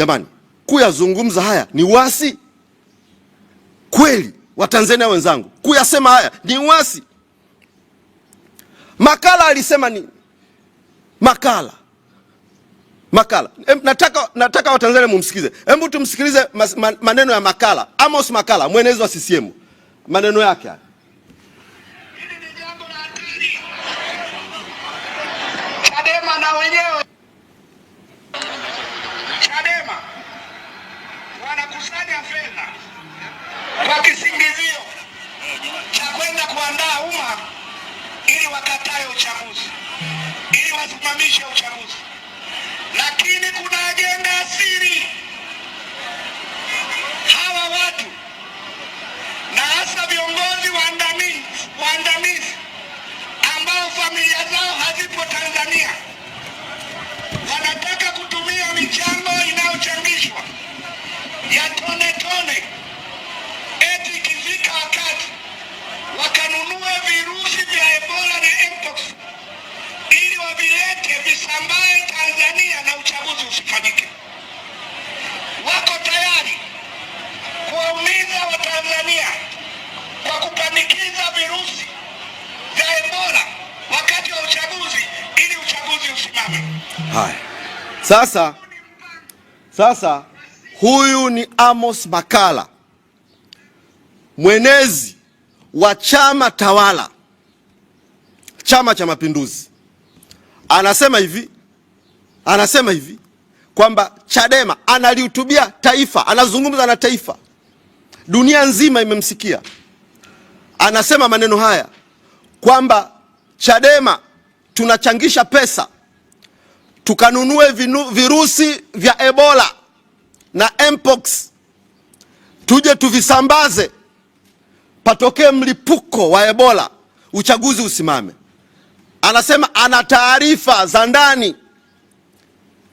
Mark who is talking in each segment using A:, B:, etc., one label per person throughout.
A: Jamani, kuyazungumza haya ni wasi kweli? Watanzania wenzangu, kuyasema haya ni wasi? Makala alisema nini? Makala, Makala. Em, nataka, nataka Watanzania mumsikize. Hebu tumsikilize maneno ya Makala, Amos Makala, mwenezi wa CCM, maneno yake haya.
B: Chadema na wenyewe kuandaa umma ili wakatae uchaguzi, ili wasimamishe uchaguzi, lakini kuna ajenda siri hawa watu na hasa viongozi waandamizi waandamizi ambao familia zao hazipo Tanzania wanataka kutumia michango inayochangishwa ya tone tone ili wavilete visambae Tanzania na uchaguzi usifanyike. Wako tayari kuwaumiza Watanzania kwa kupandikiza virusi vya Ebola wakati wa uchaguzi ili uchaguzi usimame.
A: Haya, sasa sasa, huyu ni Amos makala mwenezi wa chama tawala. Chama cha Mapinduzi anasema hivi, anasema hivi kwamba Chadema analihutubia taifa, anazungumza na taifa, dunia nzima imemsikia. Anasema maneno haya kwamba Chadema tunachangisha pesa tukanunue virusi vya Ebola na Mpox, tuje tuvisambaze, patokee mlipuko wa Ebola, uchaguzi usimame anasema ana taarifa za ndani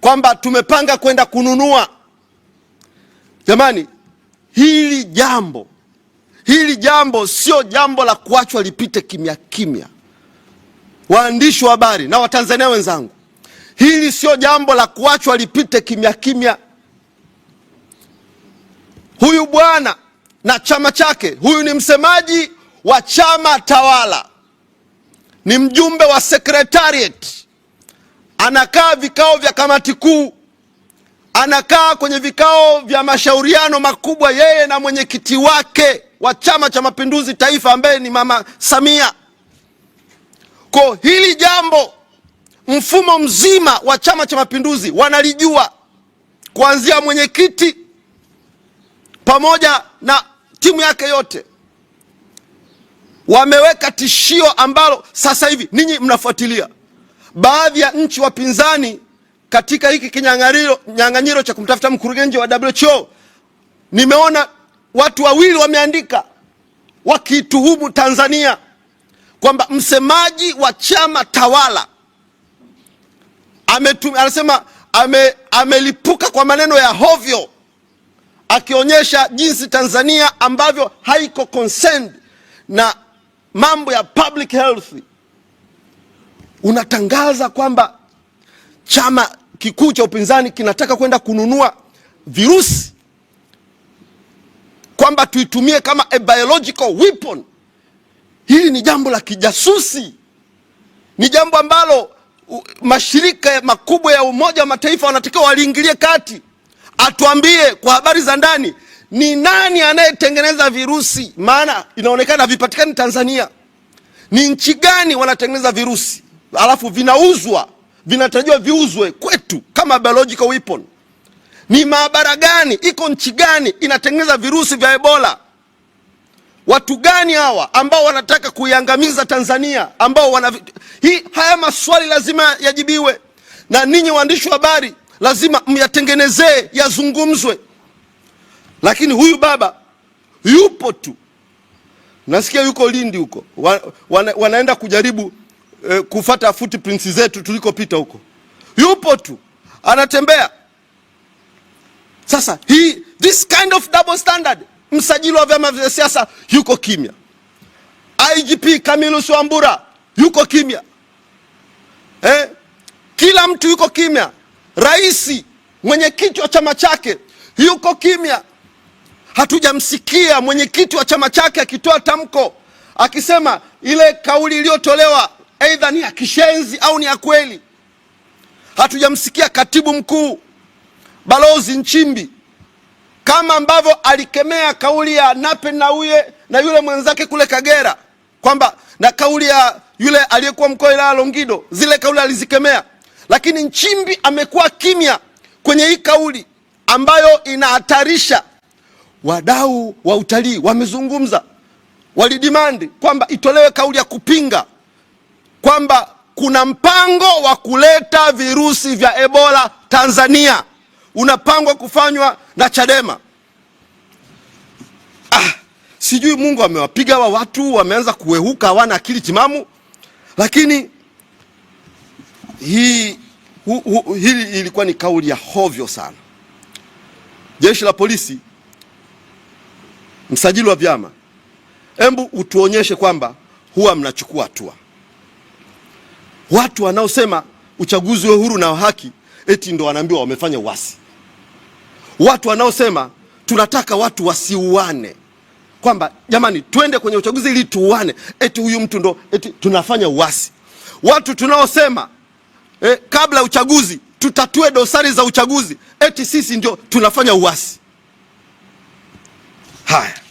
A: kwamba tumepanga kwenda kununua. Jamani, hili jambo hili jambo sio jambo la kuachwa lipite kimya kimya. Waandishi wa habari na Watanzania wenzangu, hili sio jambo la kuachwa lipite kimya kimya. Huyu bwana na chama chake, huyu ni msemaji wa chama tawala ni mjumbe wa secretariat, anakaa vikao vya kamati kuu, anakaa kwenye vikao vya mashauriano makubwa, yeye na mwenyekiti wake wa Chama cha Mapinduzi Taifa ambaye ni Mama Samia. Kwa hili jambo mfumo mzima wa Chama cha Mapinduzi wanalijua kuanzia mwenyekiti pamoja na timu yake yote wameweka tishio ambalo sasa hivi ninyi mnafuatilia. Baadhi ya nchi wapinzani katika hiki kinyang'anyiro cha kumtafuta mkurugenzi wa WHO, nimeona watu wawili wameandika wakituhumu Tanzania kwamba msemaji wa chama tawala anasema ame, amelipuka kwa maneno ya hovyo akionyesha jinsi Tanzania ambavyo haiko concerned na mambo ya public health, unatangaza kwamba chama kikuu cha upinzani kinataka kwenda kununua virusi kwamba tuitumie kama a biological weapon. Hili ni jambo la kijasusi, ni jambo ambalo mashirika makubwa ya Umoja wa Mataifa wanatakiwa waliingilie kati, atuambie kwa habari za ndani ni nani anayetengeneza virusi? Maana inaonekana havipatikani Tanzania. Ni nchi gani wanatengeneza virusi alafu vinauzwa, vinatarajiwa viuzwe kwetu kama biological weapon? Ni maabara gani, iko nchi gani inatengeneza virusi vya Ebola? Watu gani hawa ambao wanataka kuiangamiza Tanzania, ambao wana hii? Haya maswali lazima yajibiwe, na ninyi waandishi wa habari lazima myatengenezee yazungumzwe. Lakini huyu baba yupo tu, nasikia yuko Lindi huko wana, wanaenda kujaribu eh, kufata footprints zetu tulikopita huko, yupo tu anatembea. Sasa he, this kind of double standard, msajili wa vyama vya siasa yuko kimya, IGP Camillus Wambura yuko kimya eh? Kila mtu yuko kimya, rais mwenye kichwa chama chake yuko kimya hatujamsikia mwenyekiti wa chama chake akitoa tamko akisema ile kauli iliyotolewa aidha ni ya kishenzi au ni ya kweli. Hatujamsikia katibu mkuu balozi Nchimbi kama ambavyo alikemea kauli ya Nape Nnauye na yule mwenzake kule Kagera kwamba na kauli ya yule aliyekuwa mkoa wilaya Longido, zile kauli alizikemea, lakini Nchimbi amekuwa kimya kwenye hii kauli ambayo inahatarisha wadau wa utalii wamezungumza, walidimandi kwamba itolewe kauli ya kupinga kwamba kuna mpango wa kuleta virusi vya Ebola Tanzania unapangwa kufanywa na Chadema. Ah, sijui Mungu amewapiga hawa watu, wameanza kuwehuka, hawana akili timamu. Lakini hii hu, hu, hili ilikuwa ni kauli ya hovyo sana. Jeshi la polisi Msajili wa vyama, hebu utuonyeshe kwamba huwa mnachukua hatua. Watu wanaosema uchaguzi wa huru na haki eti ndo wanaambiwa wamefanya uasi. Watu wanaosema tunataka watu wasiuane, kwamba jamani, twende kwenye uchaguzi ili tuuane, eti huyu mtu ndo eti tunafanya uasi. Watu tunaosema eh, kabla ya uchaguzi tutatue dosari za uchaguzi, eti sisi ndio tunafanya uasi. Hi,